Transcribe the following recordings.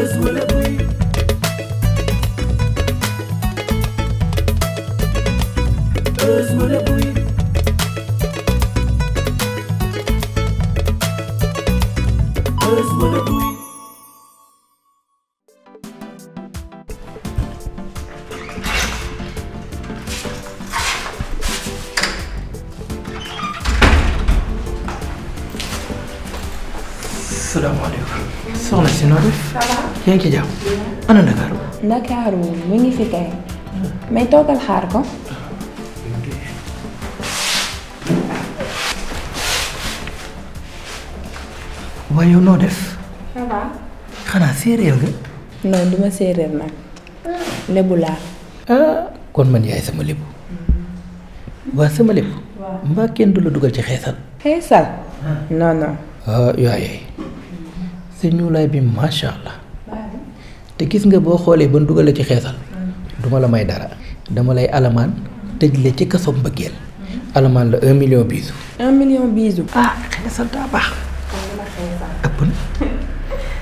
sous le pluie. Sous le pluie. Sous le pluie. yaa ngi ci jàmm ana Ndakaaru. Ndakaaru mu ngi fi kay may toogal xaar ko. waaye yow noo def. ça va. xanaa séeréer nga. non duma séeréer nag. lebu laa. Ah, kon man yaay sama lebu. waa sama lebu. mbaa kenn du la dugal ci xeesal. xeesal. non non. ah, ah yaaye. sa ñuulaay bi macha allah. te gis nga boo xoolee ba dugal la ci xeesal duma la may dara dama lay alamaan tëj la ci kaso mbëggeel alamaan la un million bisu. un million bisu. ah xeesal daa baax. ëpp na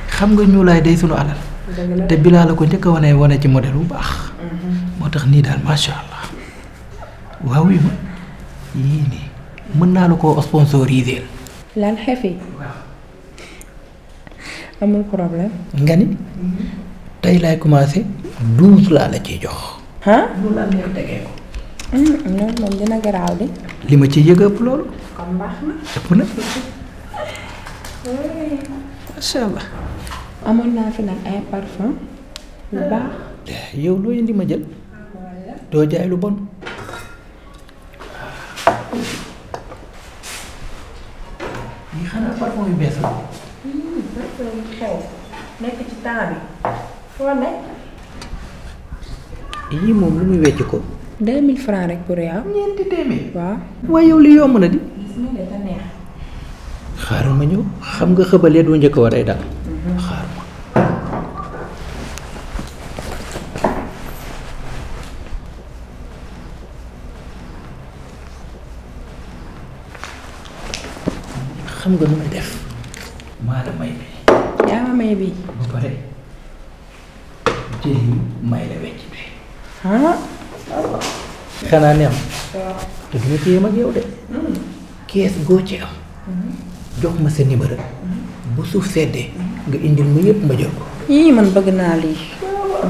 xam nga ñuulaay day sunu alal. te bilaa la ko njëkk a wane wane ci modèle bu baax. moo tax nii daal macha allah waaw yi ma yii nii mën naa la koo sponsoriser. lan xefi. waaw nga ni. Mhm. tey laay commencé douze laa la ciy jox. ah lu hmm, loolu moom dina garaaw de. li ma ci yëg ëpp loolu. kon na ëpp na. amoon naa fi nag ay parfum lu baax. Eh, yow loo indi ma jël. doo jaay lu bon. yii moom lu muy wecc ko. 2000 francs rek pour yow. ñeenti téeméer. waaw. waaye yow li yomb na di. xaaral ñëw xam nga xëbalee doo njëkk war ay dal. Mhm. xaaral xam nga nu muy def. maa la may bi. yaa may bi. ci lii may la weccit bi ah xanaa ne am te du ma ci yem ak de hmm. kees goo ci am hmm. jox ma sa numéro hmm. bu suuf seddee nga indil ma yëpp ma jël ko yii man bëgg naa lii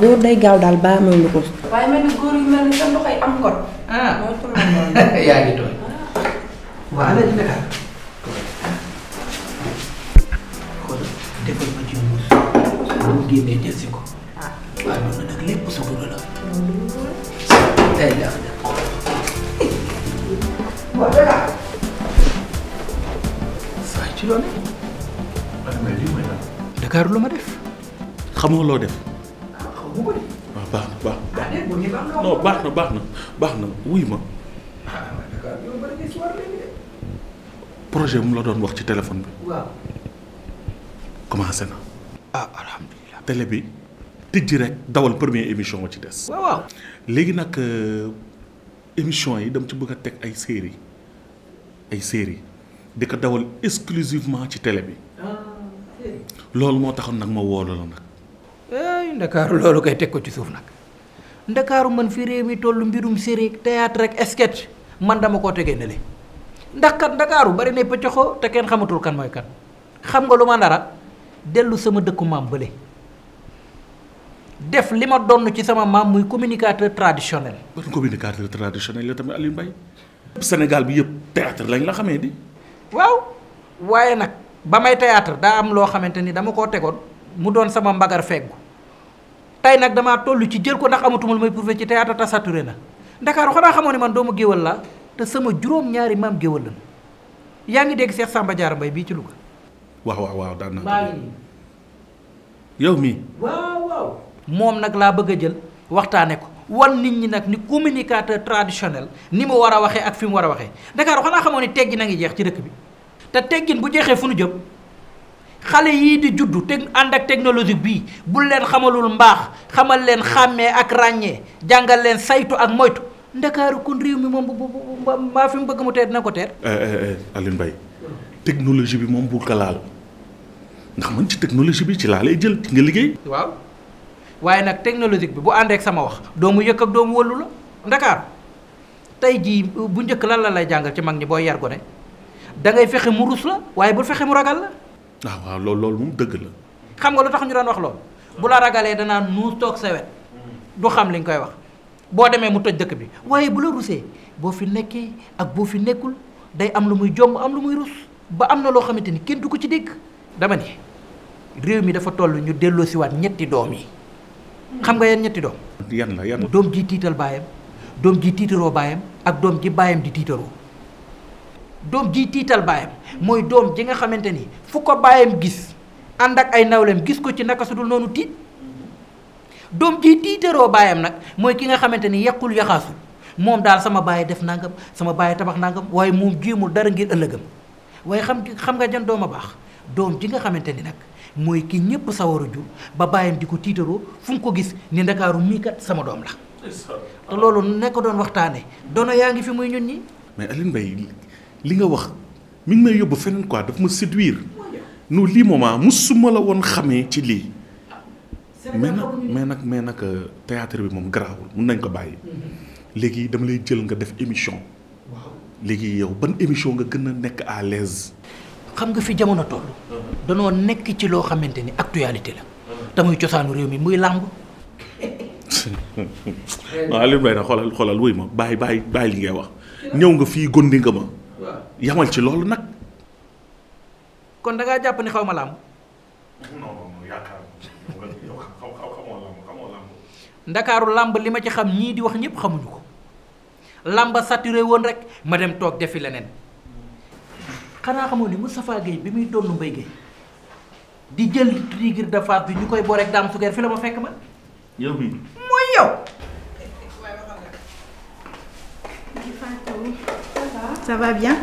góor day gaaw daal baa may lu ko waaye mel ni góor yu mel ni sa loxo yi am ah. ah. ma ci muus si ko waaw dara. lu ma def. xamoo loo def. waaw ah, baax na baax na. baax na baax na wuy ma. Ah, projet mu la doon wax ci téléphone bi. waaw. na. ah alhamdulilah. télé bi tijji rek dawal premier émission wa ci des. waaw léegi nag euh, émission yi dama ci bëgg a teg ay série ay série di ko dawal exclusivement ci tele bi ah, loolu moo tax nag ma woolu la nag ndakaaru loolu koy teg ko ci suuf nag ndakaaru man fi réew mi toll mbirum série théâtre rek sketch man dama ko tegee ne le ndax kat ndakaaru bari na pëccoxoo te kenn xamatul kan mooy kan xam nga lu ma nara dellu sama dëkku maam bële def li ma donn ci sama maam muy communicateur traditionnel ban communicateur traditionnel la tamit Aliou Mbaye senegal bi yëpp théâtre lañ la xamee di. waaw waaye nag ba may théâtre daa am loo xamante ni dama koo tegoon mu doon sama mbagar feggu tey nag damaa toll ci jël ko ndax amatuma lu may prouvé ci théâtre te saturé na Ndakaaru xanaa xamoo ne man doomu géwal laa te sama juróom-ñaari maam géwal lañu yaa ngi dégg Cheikh Samba Diarra Mbaye bii ci Louga. waaw waaw waaw daan yow mii. waaw waaw. moom nag laa bëgg a jël waxtaane ko. wal nit ñi nag ni communicateur traditionnel ni mu war a waxee ak fi mu war a waxee Dakar xanaa xamoo ni teggin a ngi jeex ci dëkk bi te teggin bu jeexee fu nu jëm xale yii di juddu te ànd ak technologie bii bul leen xamalul mbaax xamal leen xàmmee ak ràññee jàngal leen saytu ak moytu ndakaaru kon réew mi moom bu bu mbaa fi mu bëgg mu teer dina ko teer. Eh, eh, eh, Alioune Mbaye technologie bi moom bul ko laal nga xam ci technologie bi ci laa lay jël ci nga liggéey. waaw. waaye nag technologique bi bu àndeek sama wax doomu yëkk ak doomu wëllu la ndakaar tey jii bu njëkk lan la lay jàngal ci mag ñi booy yar gone da ngay fexe mu rus la waaye bul fexe mu ragal la ah, loolu loolu dëgg la xam nga lu tax ñu wax loolu bu la ragalee danaa nuus toog sawet du xam li koy wax boo demee mu toj dëkk bi waaye bu la rusee boo fi nekkee ak boo fi nekkul day am lu muy jomb am lu muy rus ba am na loo xamante ni kenn du ko ci dégg dama ni réew mi dafa toll ñu delloo siwaat ñetti doom yi xam nga yan ñetti doom. yan la yan doom ji tiital baayam doom ji tiitaroo baayam ak doom ji baayam di tiitaroo doom ji tiital baayam mooy doom ji nga xamante ni fu ko baayam gis ànd ak ay nawleem gis ko ci naka su dul noonu tiit doom ji tiitaroo baayam nag mooy ki nga xamante ni yàqul yaxaasul moom daal sama baay def nangam sama baay tabax nangam waaye moom jéemul dara ngir ëllëgam waaye xam xam nga jan doom a baax doom ji nga xamante ni nag. mooy kii ñëpp sawar a jur ba bàyyam di ko tiitaroo fu mu ko gis ni ndakaaru mii kat sama doom la te loolu nekk doon waxtaane dono yaa ngi fi muy ñun nii mais Alioune Mbaye li nga wax mi ngi may yóbbu feneen quoi daf ma séduire non lii moment musuma la woon xamee ci lii mais nag mais nag mais euh, nag théâtre bi moom garaawul mun nañ ko bàyyi mhm. léegi dama lay jël nga def émission léegi yow ban émission nga gën a nekk à l'aise xam nga fi jamono toll. danoo nekk ci loo xamante ni actualité la. te muy cosaanu réew mi muy làmb. waaw Alioune Mbaye nag xoolal xoolal wuy ma bàyyi bàyyi bàyyi li ngay wax ñëw nga fii gondi nga ma. yamal ci loolu nag. kon da jàpp ni xaw ma làmb. ndakaaru làmb li ma ci xam ñii di wax ñëpp xamuñu ko. làmb saturé woon rek ma dem toog defi leneen. xanaa xamoo ni Moustapha Gueye bi muy doon Mbaye Gueye di jël Tigre de Fass bi ñu koy booleeg Dame Suger fi la ma fekk man. yow bi mooy yow. ça va bien.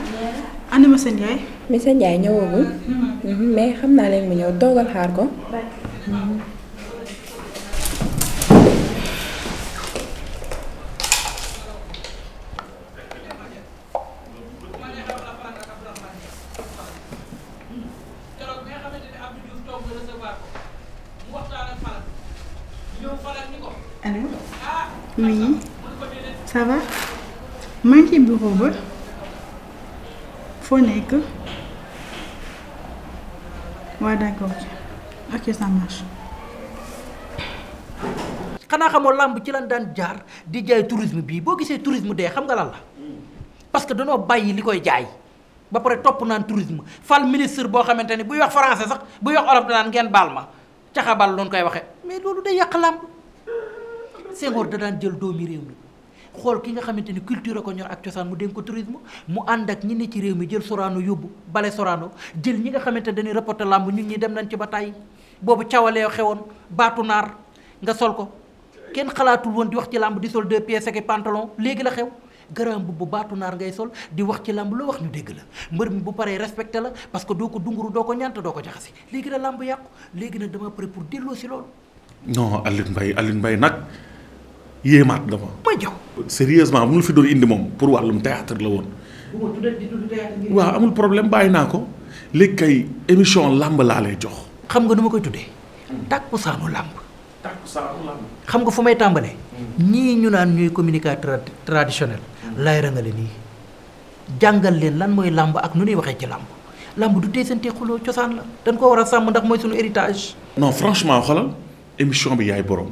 ana ma sa Ndiaye. mais sa Ndiaye ñëwagul. Mm-hmm. Mm-hmm. mais xam naa leen mu ñëw toogal xaar ko. booba foo nekk waaw d'accord ok ça marche. xanaa xamoo làmb ci lan daan jaar di jaay tourisme bii boo gisee tourism dee xam nga lan la parce que danoo bàyyi li koy jaay ba pare topp naan tourisme fal ministre boo xamante ni buy wax français sax buy wax olof danaan ngeen baal ma caxabal loonu koy waxe mais loolu day yàq làmb Senghor da daan jël doomi réew mi xool ki nga xamante ni culture ko ñor ak cosaan mu dénk ko tourisme mu ànd ak ñi ne ci réew mi jël soraano yóbbu bale Sorano jël ñi nga xamante ne dañuy reporter làmb ñun ñi dem nañ ci ba tàyyi boobu cawalee xewoon baatu naar nga sol ko kenn xalaatul woon di wax ci làmb di sol deux pièces ak pantalon léegi la xew garaam bu baatu naar ngay sol di wax ci làmb loo wax ñu dégg la mbër mi bu paree respecté la parce que doo ko dunguru doo ko ñaanta doo ko jaxasi léegi la làmb yàqu léegi nag dama pare pour delloo si loolu. non Alioune Mbaye Alioune Mbaye nag. yéemaat la ma. ma jox sérieusement bu mu fi doon indi moom pour wàllum théâtre la woon. waaw amul problème bàyyi naa ko léegi kay émission làmb laa lay jox. xam nga nu ma koy tuddee. takkusaanu làmb. takkusaanu làmb. xam nga fu may tàmbalee. Hmm. ñii ñu naan ñooy communicateur traditionnel. Hmm. lay rangale nii jàngal leen lan mooy làmb ak nu ñuy waxee ci làmb. làmb du teesante xuloo cosaan la. dañ ko war a sàmm ndax mooy suñu héritage. non franchement xoolal émission bi yaay borom.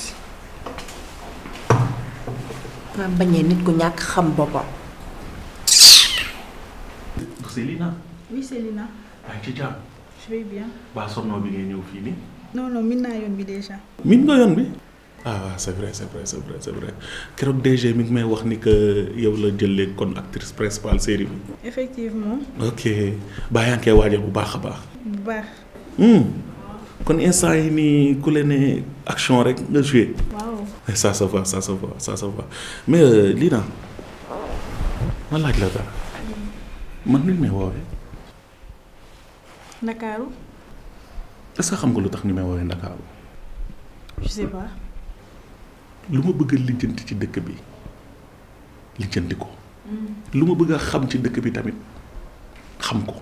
nga bañee nit ku ñàkk xam boppam. c'est Lina. oui c'est Lina. maa ci jàmm. je bien. baa sonnoo bi ngay ñëw fii nii. non non min naa yoon bi déjà. min nga yoon bi. ah waaw c'est vrai c'est vrai c'est vrai c'est vrai keroog DG mi may wax ni que yow la jëlee kon actrice principale série bi. effectivement. ok baa koy waajal bu baax a baax. bu baax. Hmm. kon instant yi nii ku le action rek nga joué. waaw eh, ça se voit ça se mais euh, lii naa ma laaj la dara man ni may woowee. Ndakaaru. est que xam nga lu tax ni may woowee Ndakaaru. je lu ma bëgg a ci dëkk bi lijjanti ko. Hmm. lu ma bëgg xam ci dëkk bi tamit xam ko.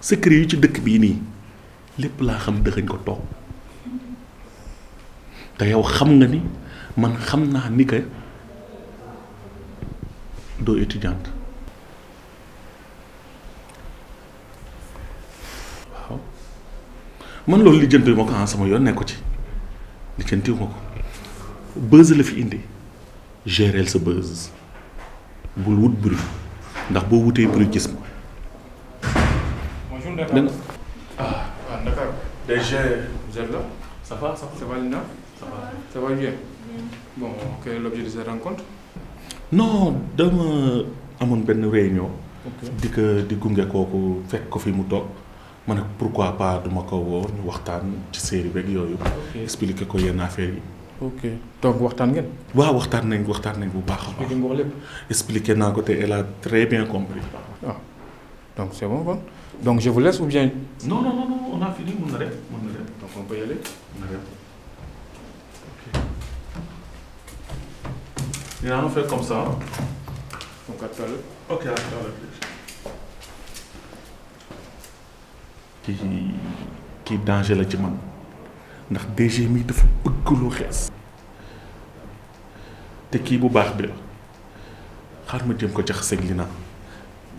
secret yu ci dëkk bii nii. lépp laa xam dëxëñ ko toog te yow xam nga ni man xam naa ni que doo étudiante waaw man loolu lijjanti ko en ah, sama yoon nekku ci lijjantiw ma ko buzz la fi indi géreel sa buzz bul wut bruit ndax boo wutee bruit gis ma Dakar. DG vous êtes là. ça va ça va ça va Lina. ça non dama amoon benn réunion. di ko di gunge kooku fekk ko fi mu toog. ma ne pourquoi pas duma ko woo ñu waxtaan ci série beeg yooyu. expliquer ko yenn affaire yi. ok donc waxtaan ngeen. waaw waxtaan nañ waxtaan nañ bu baax a expliqué naa ko te elle a très bien compris. ah donc c'est bon kon. donc je vous laisse ou bien. non non non on a fini mën na dem mën na dem donc on peut y aller mën na dem ok. dinaa ma faire comme ça. donc à tout à l'heure. ok à tout à l'heure. kii kii danger la ci man ndax DG mi dafa bëgg lu xees. te kii bu baax bi la xaar ma jéem ko jaxaseeg li naan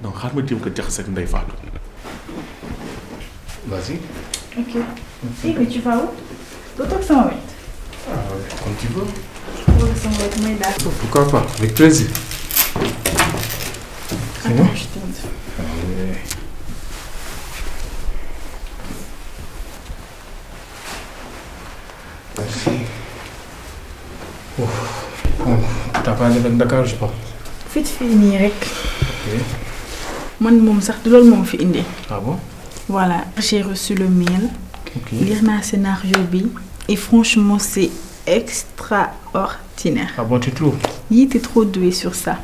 non xaar ma jéem ko jaxaseeg Ndeye Fatou. Vas-y. Ok. Et puis tu vas où D'autant que ça m'embête. Ah, comme tu veux. Pourquoi pas Avec plaisir. C'est bon Je Allez. Oh. oh. T'as pas allé vers Dakar, je pense. Vite fini, Rek. Ok. Moi, je suis là, je suis Ah bon voilà j'ai reçu le mail. ok lire naa scénario bi. et franchement c'est extraordinaire. ah bon trop doué sur ça.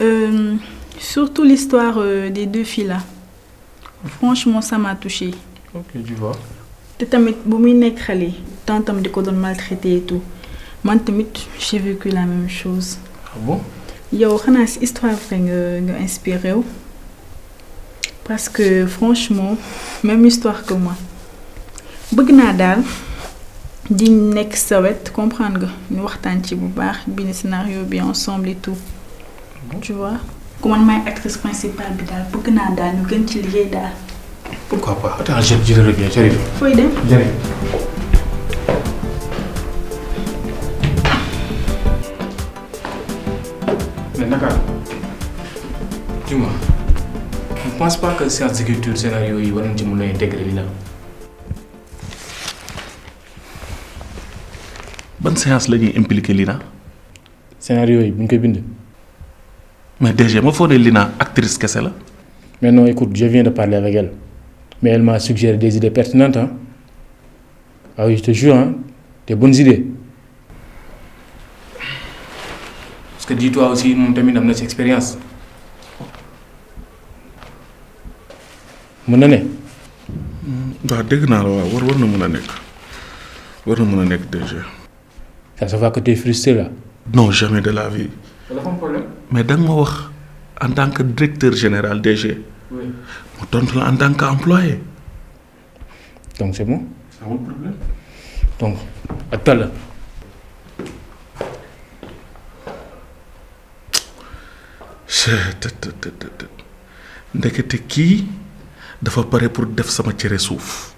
Euh, surtout l'histoire euh, des deux filles là franchement ça m'a touché. te tamit bu muy nekk xale. tantam di ko doon maltraité et tout man tamit j'ai vécu la même chose. Ah yow xanaa si histoire bi nga nga inspiré wu. parce que franchement même histoire que moi bëgg naa daal di nekk sa wet comprendre nga ñu waxtaan ci bu baax bind scénario bi ensemble et tout tu vois. ku man maay actrice principale bi daal bëgg naa daal ñu gën ci liggéey daal. pourquoi pense pas que séance d'écriture scénario yi war nañ ci mën a intégrer li la. ban séance la ñuy impliqué Lina. scénario yi bu ñu koy bind. mais DG ma foog ne Lina actrice kese la. mais non écoute je viens de parler avec elle mais elle m'a suggéré des idées pertinentes ah. ah oui je te jure hein parce que dis-toi aussi moom tamit am na ci expérience. mën na ne. waaw dégg naa la waaw war war na mën a nekk war na mën a nekk DG. ça se voit que tu non jamais de la vie. mais da nga ma wax en tant que directeur général DG. mu tontu la en tant que employé. donc c'est bon. donc ak tal ndekete kii. dafa pare pour def sama cere suuf.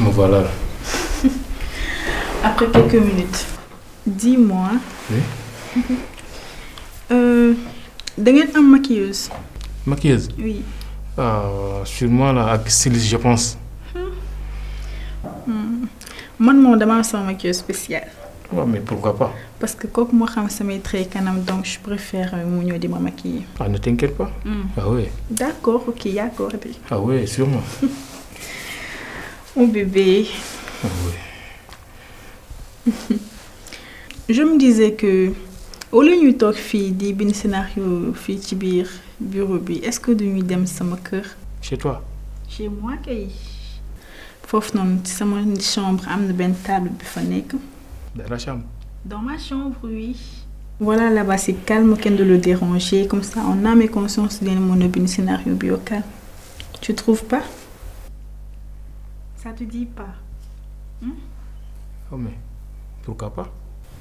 me voilà. après quelques minutes. dis-moi. Euh, da am maquilleuse. maquilleuse. oui. ah ak styliste je pense. Hmm. Hmm. man moom dama am sama maquilleuse spéciale. waaw mais pourquoi pas. parce que kooku moo xam samay traits kanam donc je préfère euh, mu ñëw di ma maquiller. ah ne t'inquiète pas. Mm. ah oui. d' accord ok y' ah oui sûrement. mon bébé. Ah je me disais que au lieu ñuy toog fii di bind scénario fii ci biir bureau bi est-ce que dem sama kër. chez toi. chez moi kay. foofu noonu sama chambre am na benn table bi fa nekk. Dans la chambre Dans ma chambre, oui. Voilà, là-bas, c'est calme, aucun de le déranger. Comme ça, on a mes conscience dans mon scénario biocal. Tu trouves pas Ça te dit pas hum? Oh, mais pourquoi pas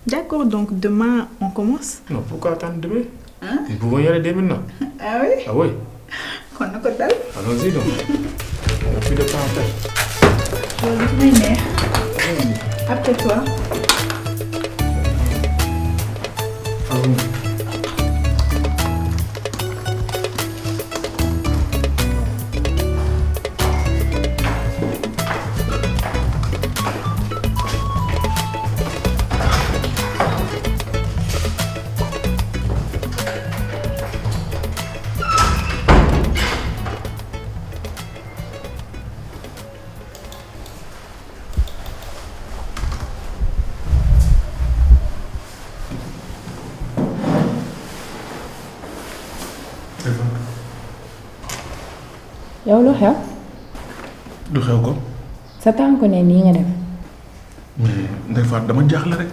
D'accord, donc demain, on commence Non, pourquoi attendre demain hein? Nous pouvons y aller dès maintenant. Ah oui Ah oui On a quoi Allons-y donc. on n'a plus de temps à faire. Je vais venir. Après Amin. Stéphane. yow lu xew. lu xew ko. sa tànk ne nii nga def. mais Ndeye Fatou dama jaaxle rek.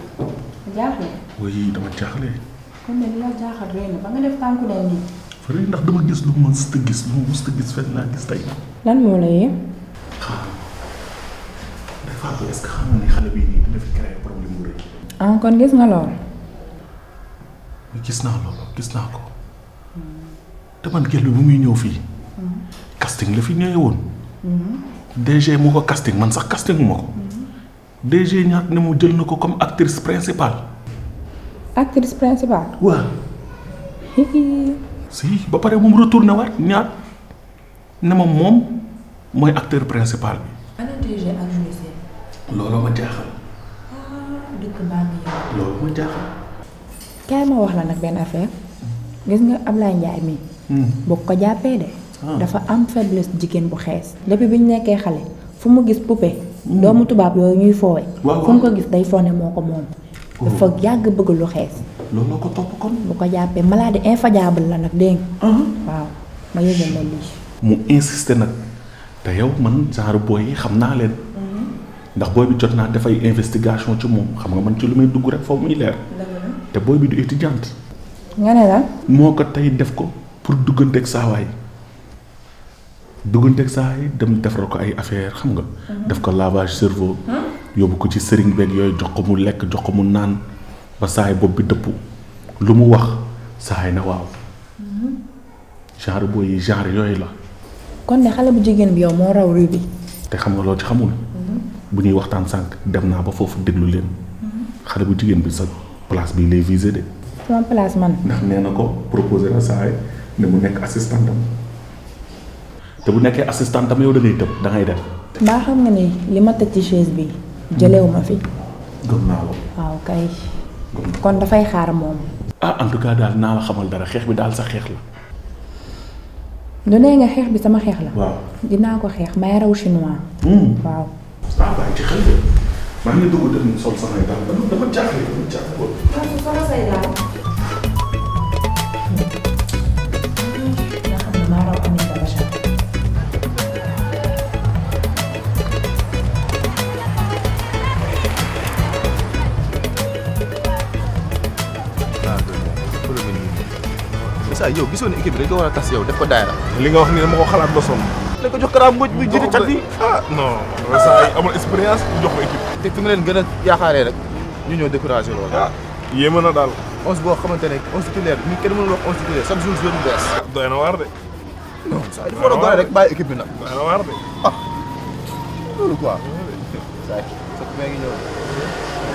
jaaxle. oui dama jaaxle. kon nag li la jaaxal rëy ba nga def tànku ne nii. fële ndax dama gis lu ma mës a gis ma mës a gis gis tey. lan moo la yee. xaaral Ndeye Fatou est-ce xam nga xale bii nii dina fi problème bu rëy. ah kon gis nga lool. gis naa loolu gis naa ko. te man bi bu muy ñëw fii. Mm-hmm. casting la fi ñëwee woon. Mm-hmm. DG mu ko casting man sax casting ma ko. Mm-hmm. DG ñaat ne mu jël na ko comme actrice principale. actrice principale. waaw. si ba pare moom retourné waat ñaat ne ma moom mooy acteur principal bi. ana DG ak ah, kaay ma wax la nag benn affaire gis nga Ablaye Ndiaye mii. Mm-hmm. boo ko jàppee de. Ah. dafa am faiblesse jigéen bu xees. depuis bi ñu nekkee xale fu mu gis poupée. Mm-hmm. doomu tubaab yooyu ñuy foowee. fu mu ko gis day fone moo ko moom. Oh. dafa yàgg bëgg lu ko topp kon. bu ko jàppee maladie infajable la nag dégg uh-huh. waaw ma mu insisté nag te yow man genre booy yi xam naa leen. Mm-hmm. ndax booy bi jot naa def ay investigation ci moom xam nga man ci lu may dugg rek foofu muy leer. te booy bi du étudiante. nga ne la. moo ko tey def ko. pour dugganteeg saawaay dugganteeg saawaay dem defaral ko ay affaire xam nga. Mhm. def ko lavage cerveau. Hmm? yóbbu ko ci sëriñ beeg yooyu jox ko mu lekk jox ko mu naan ba saay bopp bi dëpp lu mu wax saay na waaw. Mhm. genre booy genre yooyu la. kon ne xale bu jigéen bi yow moo raw réew te xam nga loo ci xamul. Mhm. bu ñuy waxtaan sànq dem naa ba foofu déglu leen. xale bu jigéen bi sa place bi lay visé de. sama place man. ndax nee na ko proposé na saay ne mu nekk assistantam te bu nekkee assistantam yow da ngay tëb da ngay dem. xam nga ni li ma tëj ci chaise bi jëlewu ma fi. gëm naa ko. waaw kay. kon dafay xaar moom. ah en tout cas daal naa la xamal dara xeex bi daal sa xeex la. du nee nga xeex bi sama xeex la. dinaa ko xeex may raw chinois. Hmm. waaw. ah bàyyi ci xel de maa ngi dugg def mu sol samay daal dama jaaxle dama jaaxle. saa yow gisoon équipe bi dañ ko war a tas yow def ko daayra. li nga wax ni moo ko xalaat ba sonn. da ko jox Kara Mbodj muy jiite cat yi ah non. saa yi amul expérience jox ko équipe. te fi gën a yaakaaree rek ñu ñëw découragé loolu. ah yéeme na daal. onze boo xamante ne onze titulaire ñu kenn mënul wax onze titulaire chaque jour joueur bu bees. doy na waar de. non saa yi dafa war a doy nag. doy na waar de. ah saa yi sax maa ngi ñëw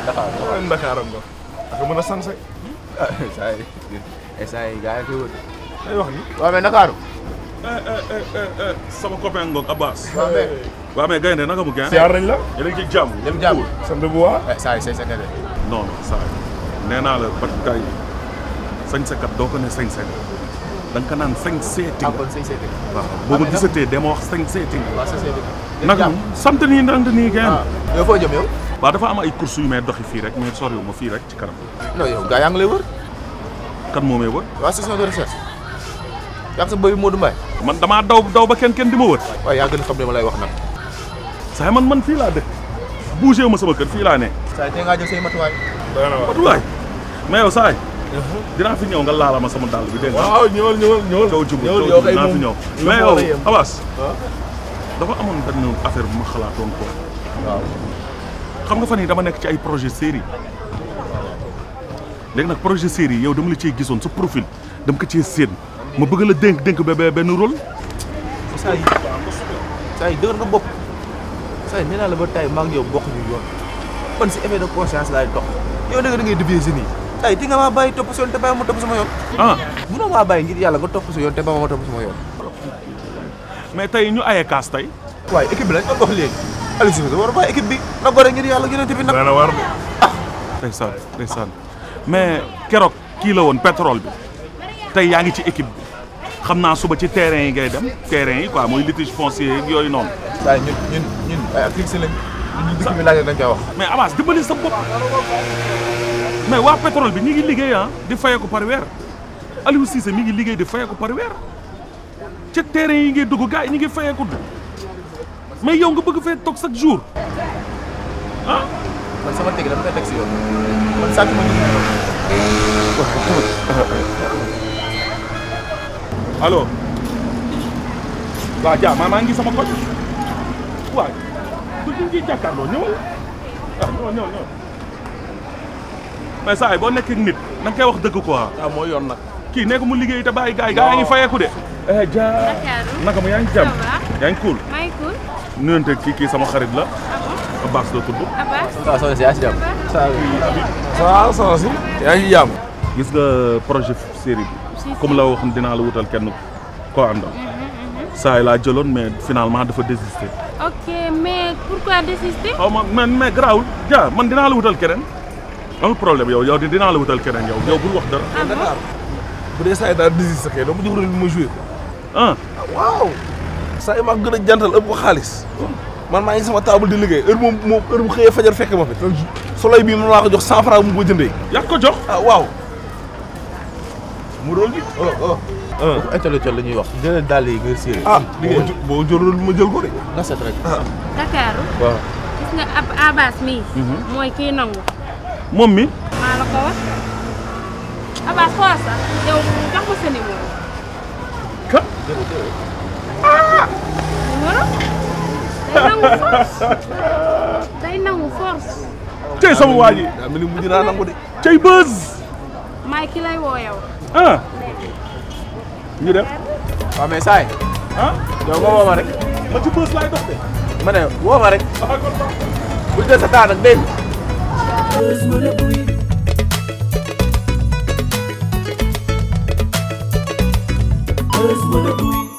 Dakar. waaw Dakar am nga. a sansé. ah instant yi gars yi koy wër. ay wax ni waaw mais Ndakaaru. sama copain ngoog Abbas. waaw mais gaynde naka mu gën. siyaar nañ la. yéen a ngi ci jàmm. dem jàmm sant bu baax. naa la bat kay sañsekat doo ko ne sañse nga ko naan sañ seeti. ah kon sañ boo ma gisatee dama wax sañ seeti. waaw sant nii nant nii gaynde. dafa am ay yu may doxi fii rek mais soriwuma fii rek ci kanam. non yow wër. kan moo may wër. waa session de recherche yaa ngi sa bëy Modou Mbaye. man damaa daw daw ba kenn kenn di ma wër. waaw yaa gën a xam ne ma lay wax nag. saa man man fii laa dëkk bougé ma sama kër fii laa ne. saa yi tey ngaa jël say matuwaay. matuwaay mais yow saa mhm. dinaa fi ñëw nga laala ma sama dàll bi dégg nga. waaw ñëwal ñëwal ñëwal. ñëwal yow kay moom ñëw mais yow Abass. dafa amoon benn affaire bu ma xalaatoon quoi. waaw xam nga fa yii dama nekk ci ay projet série léegi nag projet série yow dama la cee gisoon sa profil dama ko cee séen ma bëgg la dénk dénk ba benn rôle. saa yi saa yi dóor na bopp saa yi naa la ba tay maa ngi yow bokk ñu yoon man si effet de conscience laay dox yow da nga da ngay dévier si nii tay di nga maa bàyyi topp sa yoon te bàyyi ma topp sama yoon. ah munoo maa bàyyi ngir yàlla nga topp sa yoon te ba ma topp yoon. mais tey ñu aye kaas tey. waaye équipe bi lañ ko dox léegi Aliou Cissé war a bàyyi équipe yàlla gën a tibb nag. dana war de ah. ndeysaan ndeysaan mais keroog kii la woon pétrole bi tey yaa ngi ci équipe bi xam naa suba ci terrain yi ngay dem terrain yi quoi mooy litige foncier yeeg yooyu noonu. saa ñun ñun ñun ay activités lañ. bi laajee dañ koy wax. mais avance dimbali sa bopp mais waa pétrole bi ñu ngi liggéey ah di fayeeku par weer Aliou Cissé mi ngi liggéey di fayeeku par weer ca terrain yi ngay dugg gars yi ñu ngi fayeeku mais yow nga bëgg fee toog chaque jour ah? man sama teg a koy teg si yoon man sàcc ma ñu. allo. waaw jaa maa maa ngi sama kott. waaw. du ñu ngi jàkkaarloo ñëwal. ah ñëwal boo nekkee nit na nga koy wax dëgg quoi. mooy yoon nag. kii nekk mu liggéey te bàyyi gars yi gars yi ngi fayeeku de. jaa naka ma yaa ngi jàmm. cool. maa ngi cool. nuyonteeg kii sama xarit la. Abbas la tudd. Abbas waaw soxna si yaa si jàmm. gis nga projet série bi. comme la waxoon dinaa la wutal kenn koo àndal. saa yi laa jëloon mais finalement dafa désisté. ok mais pourquoi désister. xaw oh, ma mais mais garaawul man dinaa la wutal keneen. amul problème yow yow di dinaa la wutal keneen yow yow bul wax dara. Ah bu dee saa yi daal désisté kay dama jox rôle bi ma ko. Ah. ah waaw. saa yi maa gën a jantal ëpp ko xaalis. Oh. man maa ngi sama taabul di liggéey heure moom moom heure bu xëyee fajar fekk ma fi soleil bii man laa ko jox cent franc mu ko jëndee. yaa ko jox ah waaw. mu doon ji. ah intellectuel la ñuy wax. dàll yi nga séeréer. ah boo ma jël ko de. nga set rek. Ah. Dakar. waaw gis mhm. mooy kii nangu. moom maa la ko wax Abass xool sax yow jox ko sa numéro. ka. ah. numéro. nangu force day nangu nangu de. cey maay ki lay woo yow. ah. ñu dem. waaw ah. woo ma rek. ma laay dox de. ma woo ma rek. Ah, bu dee sa taa nag dégg nga. Earth with a